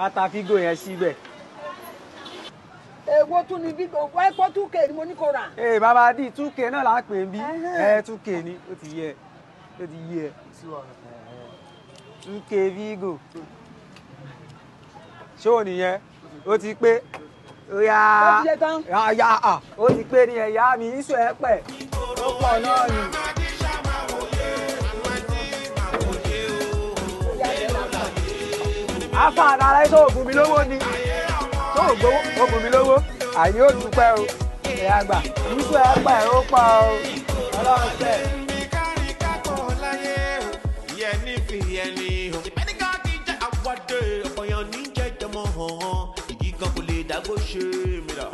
wá ta yẹn síbẹ̀. èwo tún ni fígò wá pọ́ two k ni mo ní kó rà. ee eh, bàbá di two k náà là pè é bí ẹ eh, two k ni ó ti yẹ ó ti yẹ two k fígò ṣé ò nìyẹn ó ti pé ya ya ó ti pé ni ẹ̀yà mi ìṣó ẹ pẹ̀ ó pọ̀ náà ni. afa àdára tó ògùn mi lówó ni tó ògùn mi lówó àyè ó dúpẹ́ o ẹ̀yà àgbà nígbà ẹ̀yà àgbà ẹ̀ ó pa o ọlọ́run